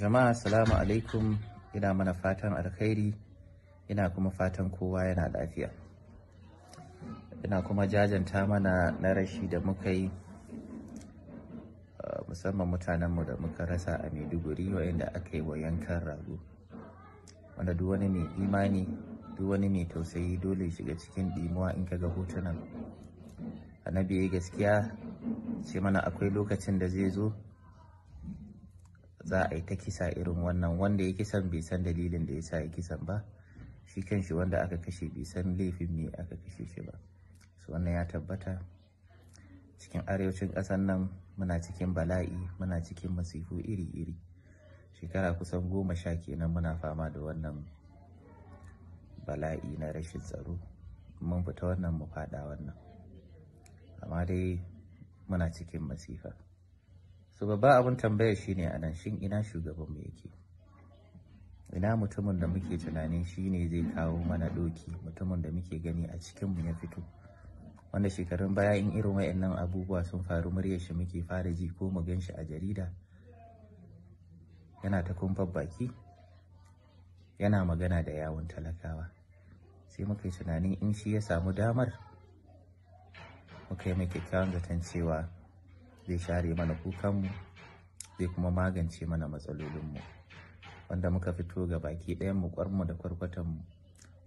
jama'a salamu alaikum ina mana fatan alkhairi ina kuma fatan kowa yana lafiya ina kuma jajanta mana na rashi da muka yi uh, musamman mutanenmu da muka rasa a maiduguri wainda aka yi wa yankan rago wanda duk wani mai imani duk wani mai tausayi dole shiga cikin ɗimuwa in ka ga hotunan annabi ya gaskiya ce mana akwai lokacin da zai zo za a yi ta kisa irin wannan wanda ya kisan bai san dalilin da ya sa ya kisan ba shi kanshi wanda aka kashe bai san laifin me aka kashe shi ba su wannan ya tabbata cikin arewacin ƙasar nan muna cikin bala'i muna cikin masifu iri-iri shekara kusan goma sha kenan muna fama da wannan bala'i na rashin tsaro mun fita wannan mu faɗa wannan amma dai muna cikin masifa su babba abin tambaya shi a nan shin ina shugaban mu yake ina mutumin da muke tunanin ne zai kawo mana doki mutumin da muke gani a cikin mu ya fito wanda shekarun baya in irin wayannan abubuwa sun faru muryar shi muke fara ji ko mu gan shi a jarida yana ta kumfar baki yana magana da yawon talakawa sai muka tunanin in shi ya samu damar muka yi mai kyakkyawan zaton cewa zai share mana kukanmu zai kuma magance mana matsalolinmu wanda muka fito ga baki ɗayan mu kwarmu da kwarkwatanmu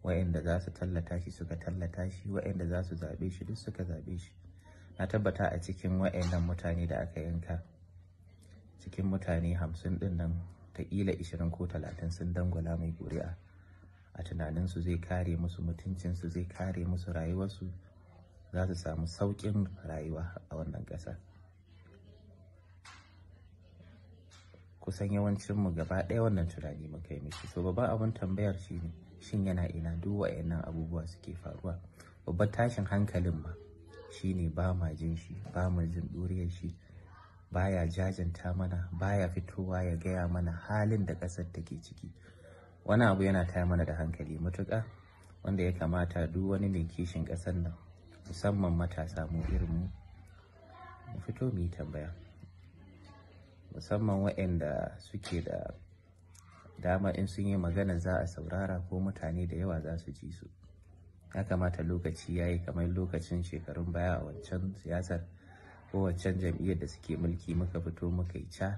wa'inda za su tallata shi suka tallata shi wa'inda za su zaɓe shi duk suka zaɓe shi na tabbata a cikin wa'innan mutane da aka yanka cikin mutane hamsin ɗin nan ta ƙila ishirin ko talatin sun dangwala mai ƙuri'a a tunaninsu zai kare musu mutuncinsu zai kare musu rayuwarsu za su samu sauƙin rayuwa a wannan ƙasa. kusan yawancinmu gaba ɗaya wannan tunani muka yi miki so babban abin tambayar shi ne shin yana ina duk wa'annan abubuwa suke faruwa babban tashin hankalin ma shi ne ba ma jin shi ba ma jin ɗuriyar shi baya jajanta mana baya fitowa ya gaya mana halin da ƙasar take ciki wani abu yana taya mana da hankali matuƙa wanda ya kamata duk wani mai kishin ƙasar nan musamman matasa mu irin mu fito mu yi tambaya musamman waɗanda suke da dama in sun yi magana za a saurara ko mutane da yawa za su ji su ya kamata lokaci ya yi kamar lokacin shekarun baya a wancan siyasar ko wancan jam'iyyar da suke mulki muka fito muka yi ca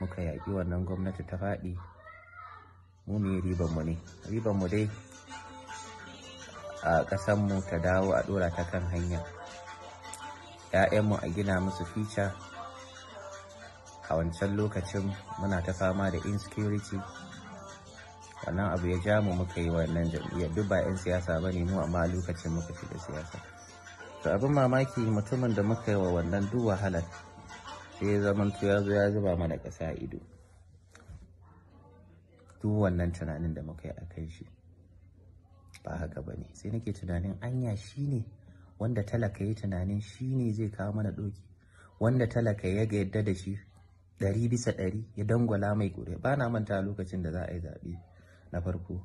muka yaƙi wannan gwamnati ta faɗi mu ne ribanmu ne ribanmu dai a ƙasanmu ta dawo a ɗora ta kan hanya ‘ya'yanmu a gina musu fica a wancan lokacin muna ta fama da insecurity wannan abu ya ja mu muka yi wannan jam'iyyar duk ba 'yan siyasa ba ne mu amma lokacin muka da siyasa to abin mamaki mutumin da muka yi wa wannan duk wahalar sai ya zama ya zo ya zuba mana ƙasa ido duk wannan tunanin da muka yi a kan shi ba haka ba ne sai nake tunanin anya shi ne wanda talaka ya tunanin shi ne zai kawo mana doki wanda talaka ya ga yadda da shi ɗari bisa ɗari ya dangwala mai ƙuri'a ba na manta lokacin da za a yi zaɓe na farko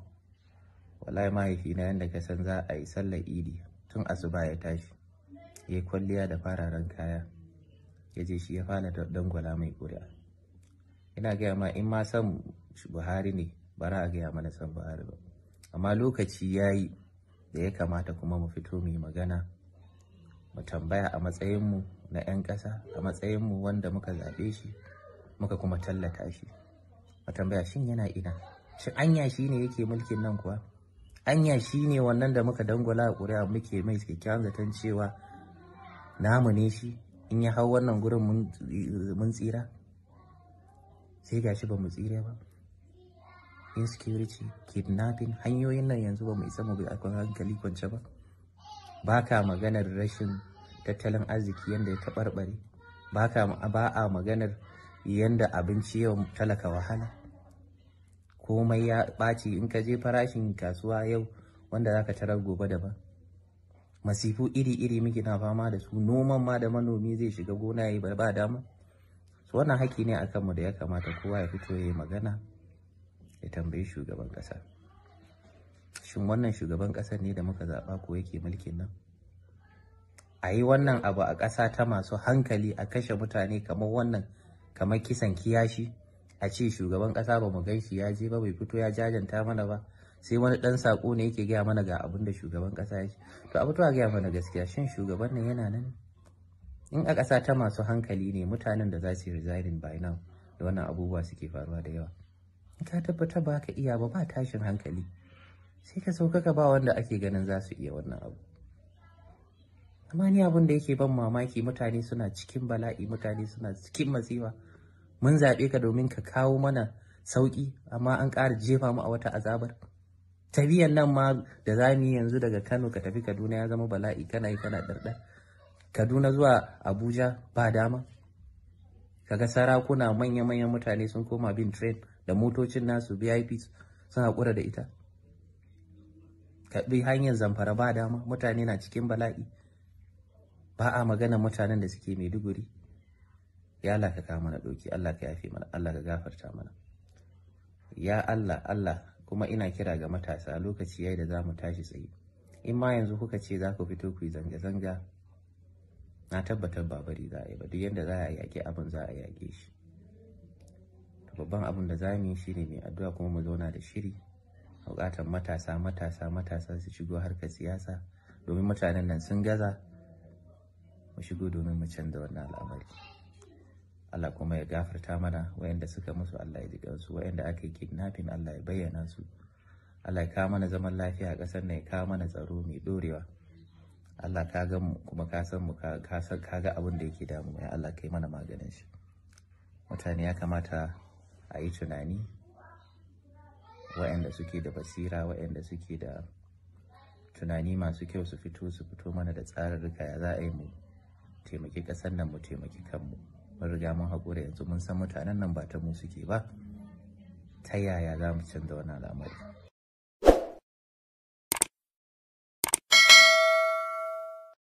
wallahi na yadda ka san za a yi sallar idi tun asuba ya tashi ya yi kwalliya da fararen kaya ya je shi ya fara dangwala mai ƙuri'a ina gaya ma in ma san buhari ne bara a gaya mana san buhari ba amma lokaci ya yi da ya kamata kuma mu fito mu magana mu tambaya a matsayinmu na 'yan ƙasa a matsayinmu wanda muka zaɓe shi muka kuma tallata shi a tambaya shin yana ina shin anya shi ne yake mulkin nan kuwa anya shi ne wannan da muka dangwala a ƙuri'a muke mai kyakkyawan zaton cewa namu ne shi in ya hau wannan gurin mun tsira sai ga shi ba mu tsira ba insecurity kidnapping hanyoyin nan yanzu ba mu isa mu ga hankali kwance ba ba ka maganar rashin tattalin arziki yadda ya taɓarɓare ba a maganar yanda abinci yau talaka wahala komai ya ɓaci in ka je farashin kasuwa yau wanda za ka tarar gobe da ba. masifu iri-iri muke na fama da su noman ma da manomi zai shiga gona ya ba dama su wannan haƙƙi ne a kanmu da ya kamata kowa ya fito ya yi magana ya tambayi shugaban ƙasa shin wannan shugaban ƙasar ne da muka zaɓa ko yake mulkin nan a yi wannan abu a ƙasa ta masu hankali a kashe mutane kamar wannan kamar kisan kiyashi a ce shugaban kasa ba mu gan shi ya je ba bai fito ya jajanta mana ba sai wani ɗan sako ne yake gaya mana ga abin da shugaban kasa ya ce to a fito a gaya mana gaskiya shin shugaban nan yana nan in a ƙasa ta masu hankali ne mutanen da za su yi by now da wannan abubuwa suke faruwa da yawa in ka tabbata ba ka iya ba ba tashin hankali sai ka sauka ka ba wanda ake ganin za su iya wannan abu amma ni abin da yake ban mamaki mutane suna cikin bala'i mutane suna cikin masifa mun zaɓe ka domin ka kawo mana sauƙi amma an ƙara jefa mu a wata azabar tabiyan nan ma da za mu yi yanzu daga kano ka tafi kaduna ya zama bala'i kana yi kana ɗarɗar kaduna zuwa abuja ba dama kaga sarakuna manya-manyan mutane sun koma bin train da motocin nasu vip sun haƙura da ita ka bi hanyar zamfara ba dama mutane na cikin bala'i ba a magana mutanen da suke maiduguri ya Allah ka kama mana ɗauki Allah ka yafe mana Allah ka gafarta mana ya Allah Allah kuma ina kira ga matasa lokaci yayi da zamu tashi tsaye in ma yanzu kuka ce za ku fito ku yi zanga-zanga na tabbatar ba bari za a yi ba duk yadda za a yaƙi abin za a yaƙe shi babban abin da za mu yi shine mai addu'a kuma mu zauna da shiri buƙatar matasa matasa matasa su shigo harkar siyasa domin mutanen nan sun gaza mu shigo domin mu canza wannan al'amari Allah kuma ya gafarta mana wayanda suka musu Allah ya jiƙa su wayanda aka yi kidnapping Allah ya bayyana su Allah ya kawo mana zaman lafiya a ƙasar nan ya kawo mana tsaro mai dorewa Allah ka ga mu kuma ka san mu ka ga abin da yake damu ya Allah kai mana maganin shi mutane ya kamata a yi tunani wayanda suke da basira wayanda suke da tunani masu kyau su fito su fito mana da tsarin ya za a yi mu taimaki ƙasar nan mu taimaki kanmu mun riga mun haƙura yanzu mun san mutanen nan ba ta mu suke ba ta yaya za mu canza wannan al'amari